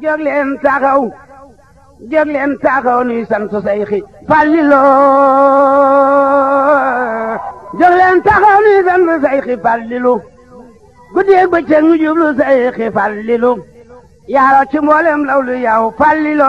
jóg leen taxaw jóg nuy sant Seyxi Fàllilu jóg leen taxaw nuy sant Seyxi Fàllilu guddeeg bëccëg ñu jublu Seyxi Fàllilu yaaro ci mboolem lawlu yow Fàllilu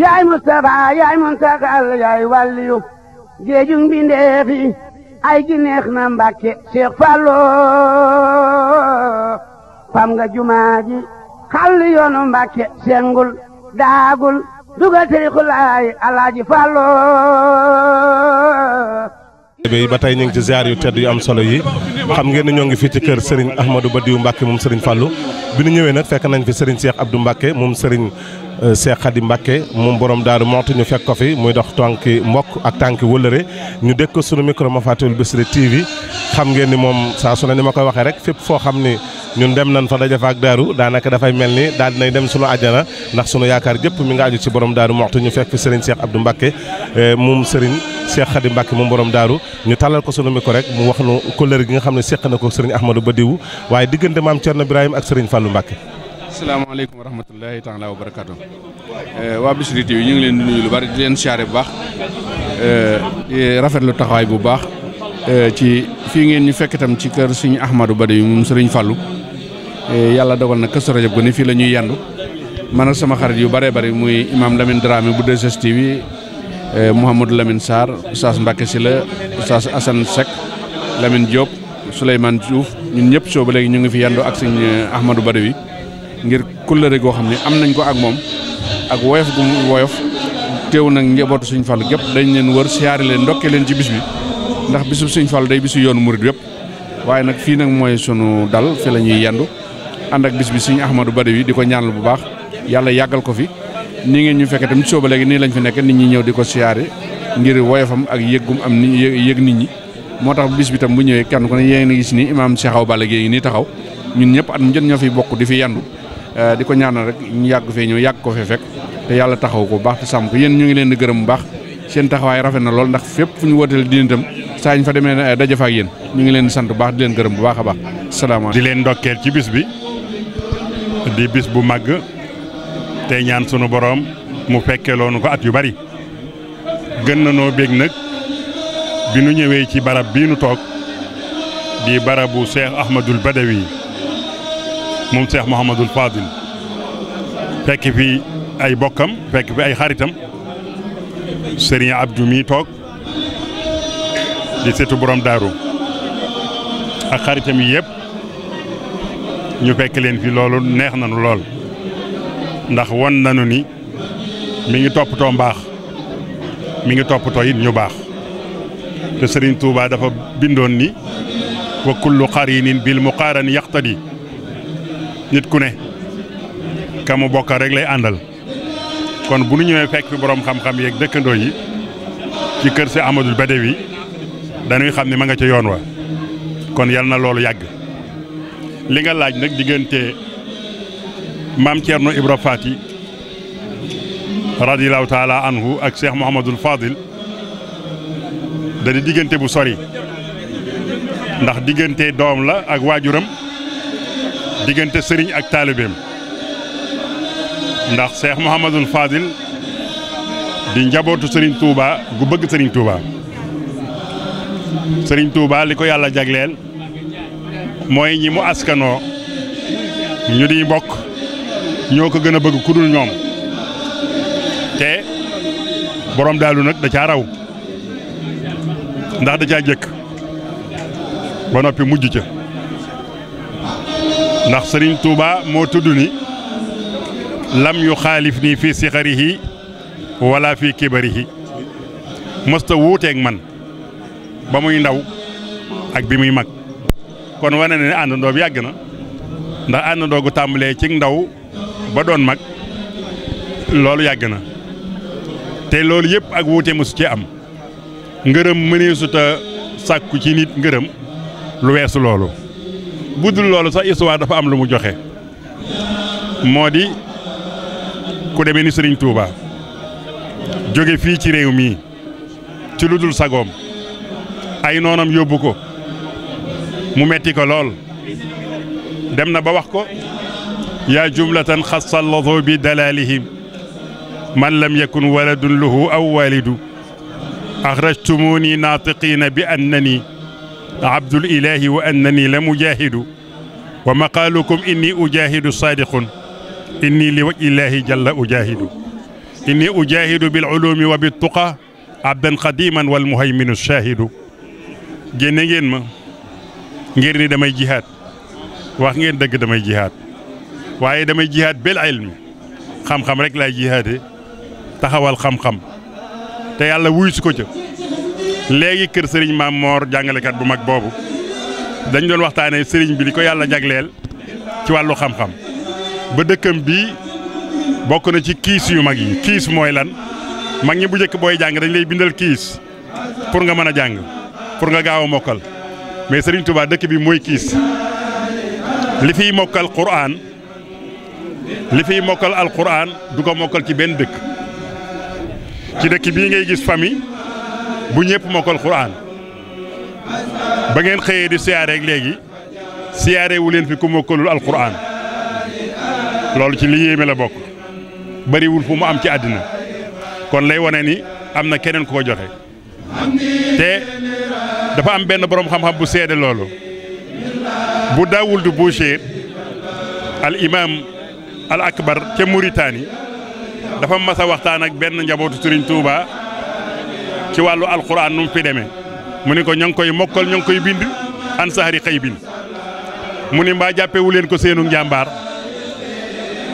yaay Mustafa yaay Muntaxal yaay wàlliyu géejug mbindeef yi ay gi neex na Mbàkke Cheikh fam nga jumaa ji xàll yoonu mbàkke sengul daagul dugal tërixulaay alaaji fàllo ba tey ñu ngi ci ziar yu tedd yu am solo yi xam ngeen ne ñoo ngi fii ci kër Serigne Ahmadou Badiou Mbacke moom Serigne Fallou bi ñu ñëwee nag fekk nañ fi seex ab Abdou Mbacke moom Serigne euh, Cheikh Khady Mbacke moom borom daaru moxti ñu fekk ko fi muy dox tànki mbokk ak tànki wëllëre ñu dégg ko sunu micro ma fàttewul Bichri xam ngeen ni moom saa su ne ni ma koy waxee rek fépp foo xam ni ñun dem nañ fa daje fa ak daaru daanaka dafay mel ni daal dinañ dem sunu àjjana ndax sunu yaakaar jëpp mi nga aju ci borom daaru moxtu ñu fekk fi Serigne Cheikh Abdou Mbacke eh, moom Serigne Cheikh Khady Mbacke moom borom daaru ñu tàllal ko sunu ko rek mu wax nu kóllëre gi nga xam ne séq na ko Serigne ba Badiou waaye diggante maam Thierno Birahim ak Serigne Fallou Mbacke asalaamaaleykum wa rahmatullahi taala wa barakaatu eh, waa Bichri TV ñu ngi leen di nuyu lu bari di leen siyaare bu baax eh, di bu baax ci fii ngeen ñu fekk itam ci kër suñu Ahmadou Badiou moom Serigne Fallou Eh, yàlla dogal na Kazu Rajab gu ni fii la ñuy yandu man ak sama xarit yu bëree bëri muy imam Lamine Dramé bu 2STV eh, Mouhamadou Lamine Sarr Oustaz Mbacke Sylla Oustaz Assane Seck Lamine Diop Souleymane Diouf ñun ñëpp soo ba léegi ñu ngi fi yandu ak sëñ eh, Ahmadou Badawi ngir kóllëre goo xam ne am nañ ko ak moom ak woyof gu woyof teew nag njabootu suñ Fall gépp dañ leen wër siyaare leen ndokkee leen ci bis bi ndax bisu suñ Fall day bisu yoon murid yëpp waaye na fii nag mooy sunu dal fi la ñuy yandu ànd ak bis bi suñu Ahmadou Badawi di ko ñaanal bu baax yàlla yàggal ko fi nii ngeen ñu fekkee tamit sooba léegi nii lañ fi nekk nit ñi ñëw di ko siyaare ngir woyofam ak yëggum am ni yëg nit ñi moo tax bis bi tam bu ñëwee kenn ku ne yéen a gis ni imaam Cheikh Awa Balla Gaye nii taxaw ñun ñëpp at mu jot ñoo fi bokk di fi yandu eh, di ko ñaanal rek ñu yàgg fee ñëw yàgg ko fee fekk te yàlla taxaw ko baax te sàmm ko yéen ñu ngi leen di gërëm bu baax seen taxawaay rafet na lool ndax fépp fu ñu wooteel diine tam saa ñu fa demee eh, daje fa ak yéen ñu ngi leen sant baax di leen gërëm bu baax a baax ci bis bi di bis bu màgg tey ñaan sunu boroom mu fekke loonu ko at yu bari gën na noo bég nag bi nu ñëwee ci barab bii nu toog di barabu Cheikh Ahmadul Badawi moom seex Mouhamadul Fadil fekk fi ay bokkam fekk fi ay xaritam Serigne Abdou mi toog di setu borom daaru ak xaritam yi yëpp ñu fekk leen fi loolu neex nanu lool ndax won nañu ni mu ngi toppatoo mbaax mi ngi toppatoo it ñu baax te Serigne Touba dafa bindoon ni wa kullu qarinin bil muqaaran yaqtadi nit ku ne kamu mu bokk rek lay àndal kon bu nu ñëwee fekk fi borom xam-xam yeeg dëkkandoo yi ci kër si Amadou wi dañuy xam ne ma nga ca yoon wa kon yal na loolu yàgg. li nga laaj nag diggante maam Thierno Ibra Fati radiyallahu taala anhu ak Cheikh Mouhamadul Fadil da diggante bu sori ndax diggante doom la ak waajuram diggante sëriñ ak taalibeem ndax Cheikh Mouhamadul Fadil di njabootu sëriñ tuuba gu bëgg sëriñ Touba sëriñ Touba li ko yàlla jagleel. mooy ñi mu askanoo ñu di bokk ñoo ko gën a bëgg ku dul ñoom te boroom daalu nag da caa raw ndax da caa jëkk ba noppi mujj ca ndax sëriñ Touba moo tudd ni lam yu xaalif nii fii sixarihi wala fii kibarihi mosta wuuteeg man ba muy ndaw ak bi muy mag kon wane na ne àndandoo bi yàgg na ndax àndandoo gu tàmbalee ci ndaw ba doon mag loolu yàgg na te loolu yëpp ak wuute mësu ci am ngërëm mëneesut a sàkku ci nit ngërëm lu weesu loolu bu dul loolu sax histoire dafa am lu mu joxe moo di ku demee ni Serigne Touba jóge fii ci réew mii ci lu dul sagoom ay noonam yóbbu ko mu metti ko lool dem na ba wax ko yaa jumlatan xasal lado bi dalalihim man lam yakun waladun lahu aw walidu axrajtumuni naatiqiina bi annani abdul ilahi wa annani la mujaahidu wa maqaalukum inni ujaahidu saadiqun inni li waj illaahi jalla ujaahidu inni ujaahidu bil ulumi wa bit tuqa abdan qadiman wal muhayminu shaahidu génne ngeen ma ngir ni damay jihaad wax ngeen dëgg damay jihaad waaye damay jihaad bil ilmi xam-xam rek laay jihaade taxawal xam-xam te yàlla wuy su ko ca léegi kër sëriñ Maam Moor jàngalekat bu mag boobu dañ doon waxtaanee sëriñ bi li ko yàlla jagleel ci wàllu xam-xam ba dëkkam bii bokk na ci kiis yu mag yi kiis mooy lan mag ñi bu njëkk booy jàng dañ lay bindal kiis pour nga mën a jàng pour nga gaaw a mokkal mais Serigne Touba dëkk bi mooy kiis li fiy mokkal Qur'an li fiy mokkal Alqur'an du ko mokkal ci benn dëkk ci dëkk bii ngay gis famille bu ñëpp mokkal Qur'an ba ngeen xëyee di siyaareeg léegi siyaare leen fi ku mokkalul Alqur'an loolu ci li yéeme la bokk bariwul fu mu am ci àddina kon lay wane ni am na keneen ku ko joxe te. dafa am benn borom xam-xam bu seede loolu bu Daawud Boucher al imam al akbar ca Mauritanie dafa mas a waxtaan ak benn njabootu Serigne Touba ci wàllu alquran nu mu fi demee mu ni ko ña ngi koy mokkal ñoo ngi koy bind ansaari xëy mu ni mbaa jàppewu leen ko seenu njàmbaar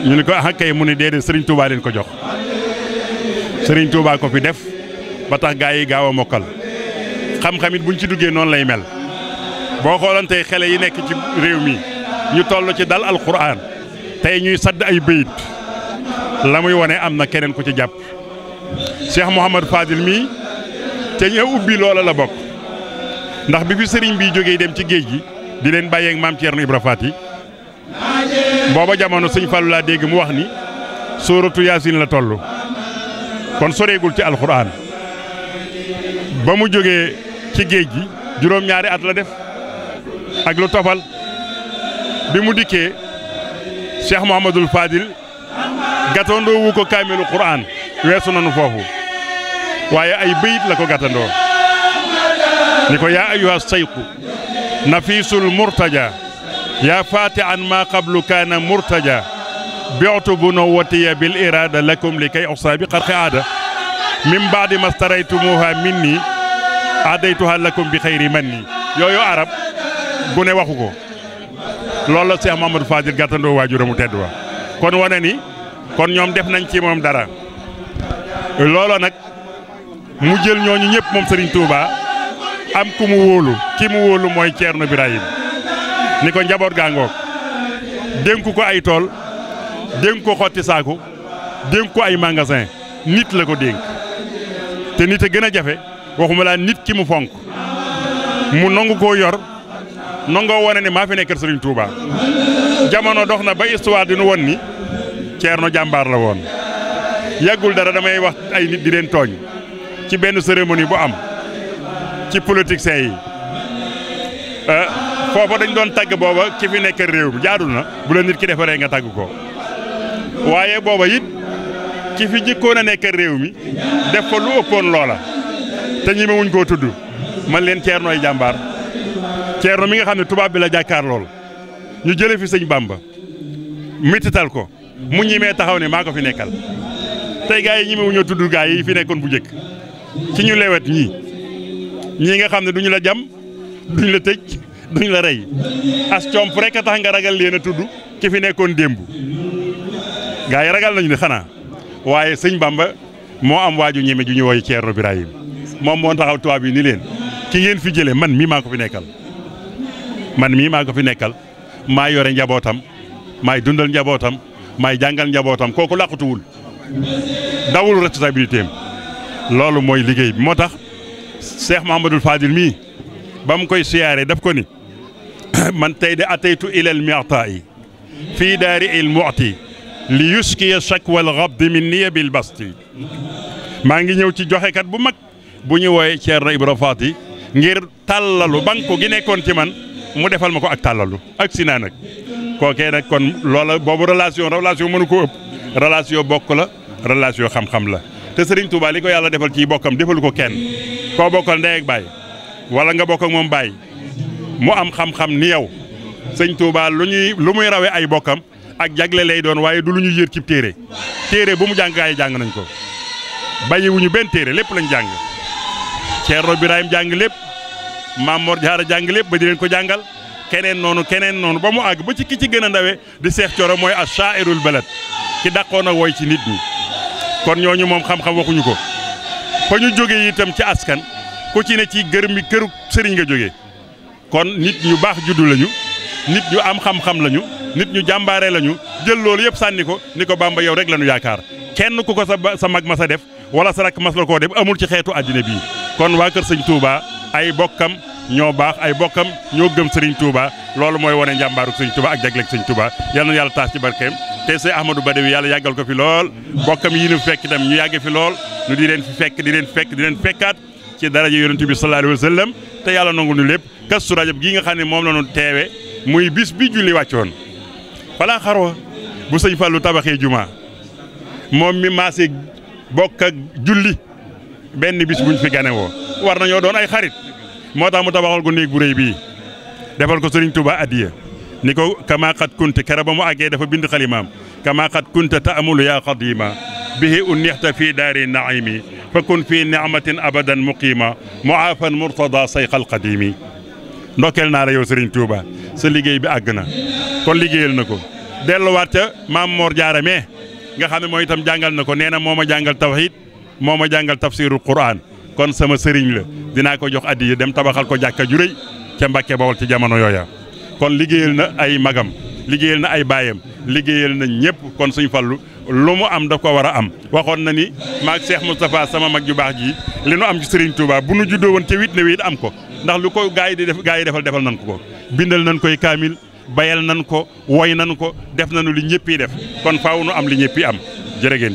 ñu ni ko ah kay mu ni déedéet Serigne Touba leen ko jox Serigne Touba ko fi def ba tax gaa yi gaaw a mokkal. xam-xam it buñ ci duggee noonu lay mel boo xoolan xele yi nekk ci réew mi ñu toll ci dal alquran tey ñuy sadd ay béyit la muy wone am na keneen ku ci jàpp Cheikh Mouhamad Fadil mii te ñu ubbi loola la bokk ndax bi bi sëriñ bi jóge dem ci géej gi di leen bàyyeeg maam Thierno Ibra Fati booba jamono sëñ Fallou laa dégg mu wax ni sóoratu Yaasin la toll kon soreegul ci alquran ba mu jógee ci géej gi juróom-ñaari at la def ak lu tofal bi mu dikkee Cheikh Mouhamadul Fadil gàttandoo wu ko kaamilu Qur'an weesu nañu foofu waaye ay béyit la ko gàttandoo ni ko yaa ayuha sayqu nafiisul murtaja yaa faati an maa qablu kaana murtaja biotu bu no watiya bil irada lakum li kay oxsaabi xarqi aada min baadi mastaraytumuha minni adaytuha lakum bi xayri manni yooyu arab bu ne waxu ko loolu la Cheikh Mamadou Fadil gàttandoo mu tedd wa kon wane ni kon ñoom def nañ ci moom dara loolo nag mu jël ñooñu ñëpp moom Serigne tuubaa am ku mu wóolu ki mu wóolu mooy Thierno Birahim ni ko njaboot gaangoog dénk ko ay tool dénk ko xotti saaku dénk ko ay magasin nit la ko dénk te nit a gën a jafe waxuma laa nit ki mu fonk mu nangu koo yor nangoo wone ne maa fi nekkal Serigne Touba jamono dox na ba histoire di nu won ni Ceerno jàmbaar la woon yàggul dara damay wax ay di leen tooñ ci benn cérémonie bu am ci politiciens yi euh, foofa dañ doon tagg booba ci fi nekkal réew mi jaadul na bu la nit ki defaree nga tagg ko waaye booba it ci fi jikkoon a nekk réew mi def ko lu ëppoon loola te ñi mawuñ koo tudd man leen ceernooy jàmbaar ceerno mi nga xam ne tubaab bi la jàkkaar lool ñu jële fi sëñ Bamba mitital ko mu ñimee taxaw ne maa ko fi nekkal tey gaa yi ñi mawuñoo tudd gaa yi fi nekkoon bu njëkk ci ñu lewet ñii ñii nga xam ne duñu la jam duñu la tëj duñu la rey as comp rek a tax nga ragal leen a tudd ki fi nekkoon démb gaa yi ragal nañu ne xanaa waaye sëñ Bamba moo am waaju ñeme ju ñu woy Ceerno Birahim moom moo taxaw tubaab yi ni leen ci ngeen fi jëlee man mii maa ko fi nekkal man mii maa ko fi nekkal maa yore njabootam maay dundal njabootam maay jàngal njabootam kooku làqutuwul dawul responsabilité loolu mooy liggéey bi moo tax Cheikh Mahamadul Fadil mii ba mu koy siyaaree def ko ni man tey de ataytu ilal mi'taa yi fii daari il mu'ti li yuskiya shakwal rabdi min niya bil basti maa ngi ñëw ci joxekat bu mag bu ñu wooyee Thierno Ibra Faty ngir tàllalu banku gi nekkoon ci man mu defal ma ko ak tàllalu ak si naa nag kookee nag kon loola boobu relation relation mënu ko ëpp relation bokk la relation xam-xam la te Serigne Touba li ko yàlla defal ciy bokkam defalu ko kenn koo bokkal ndey ak baay wala nga bokk moom baay mu am xam-xam ni yow sëñ Touba lu ñuy lu muy rawee ay bokkam ak jagle lay doon waaye du lu ñu yër ci téere téere bu mu jàng jàng nañ ko bàyyiwuñu benn téere lépp lañu jàng Ceerno Birahim jàng lépp Maam Mor Jaara jàng lépp ba di leen ko jàngal keneen noonu keneen noonu ba mu àgg ba ci ki ci gën a ndawe di Seex Coro mooy as shaairul balad ki dàqoon a woy ci nit ñi kon ñooñu moom xam-xam waxuñu ko fa ñu jógee itam ci askan ku ci ne ci gërëm bi këru sëriñ nga jógee kon nit ñu baax juddu lañu nit ñu am xam lañu nit ñu jàmbaare lañu jël loolu yëpp sànni ko ni ko Bamba yow rek la ñu yaakaar kenn ku ko sa sa mag ma sa def wala sa rakk mas la koo def amul ci xeetu àddina bii kon waa kër sëñ Touba ay bokkam ñoo baax ay bokkam ñoo gëm sëriñ Touba loolu mooy wane njàmbaaru sëñ Touba ak jagleeg sëñ Touba yal na yàlla taas ci barkeem te sëñ Ahmadou Badawi yàlla yàggal ko fi lool bokkam yi ñu fekk itam ñu yàgg fi lool ñu di leen fi fekk di leen fekk di leen fekkaat ci daraja yonent bi sallallahu alayhi wa sallam te yàlla nangu nu lépp kasu rajab gi nga xam ne moom la ñu teewe muy bis bi julli wàccoon falaa xarwa bu sëñ Fallou tabaxee jumaa moom mi maase bokk julli benn bis buñ fi gane woo war nañoo doon ay xarit moo tax mu tabaxal ko néeg bu réy bii defal ko sëriñ Touba addiya ni ko kamaa xat kunte kere ba mu àggee dafa bind xalimaam kamaa xat kunte taamulu ya xadima bihi unnixta fii daari naimi fa kun fii nicmatin abadan muqiima muaafan murtada sayxal qadimi ndokkeel naa la yow Serigne Touba sa liggéey bi àgg na kon liggéeyal na ko delluwaat ca maam Mor Diarra mais nga xam ne mooy itam jàngal na ko nee na moo ma jàngal tawhid moo ma jàngal tafsiru Qur'an kon sama sëriñ la dinaa ko jox addiya dem tabaxal ko jàkka ju rëy ca Mbàkke Bawol ci jamono yooya. kon liggéeyal na ay magam liggéeyal na ay baayam liggéeyal na ñëpp kon suñ fallu lu mu am daf ko war a am waxoon na ni maag Cheikh Moustapha sama mag ju baax ji li nu am ci Serigne bu nu woon ca wit ne wit am ko. ndax lu ko gaa yi di def gaa yi defal defal nan ko ko bindal nan koy kaamil bayal nan ko woy nan ko def nanu li ñëpp yi def kon faw nu am li ñëpp yi am jërë ngeen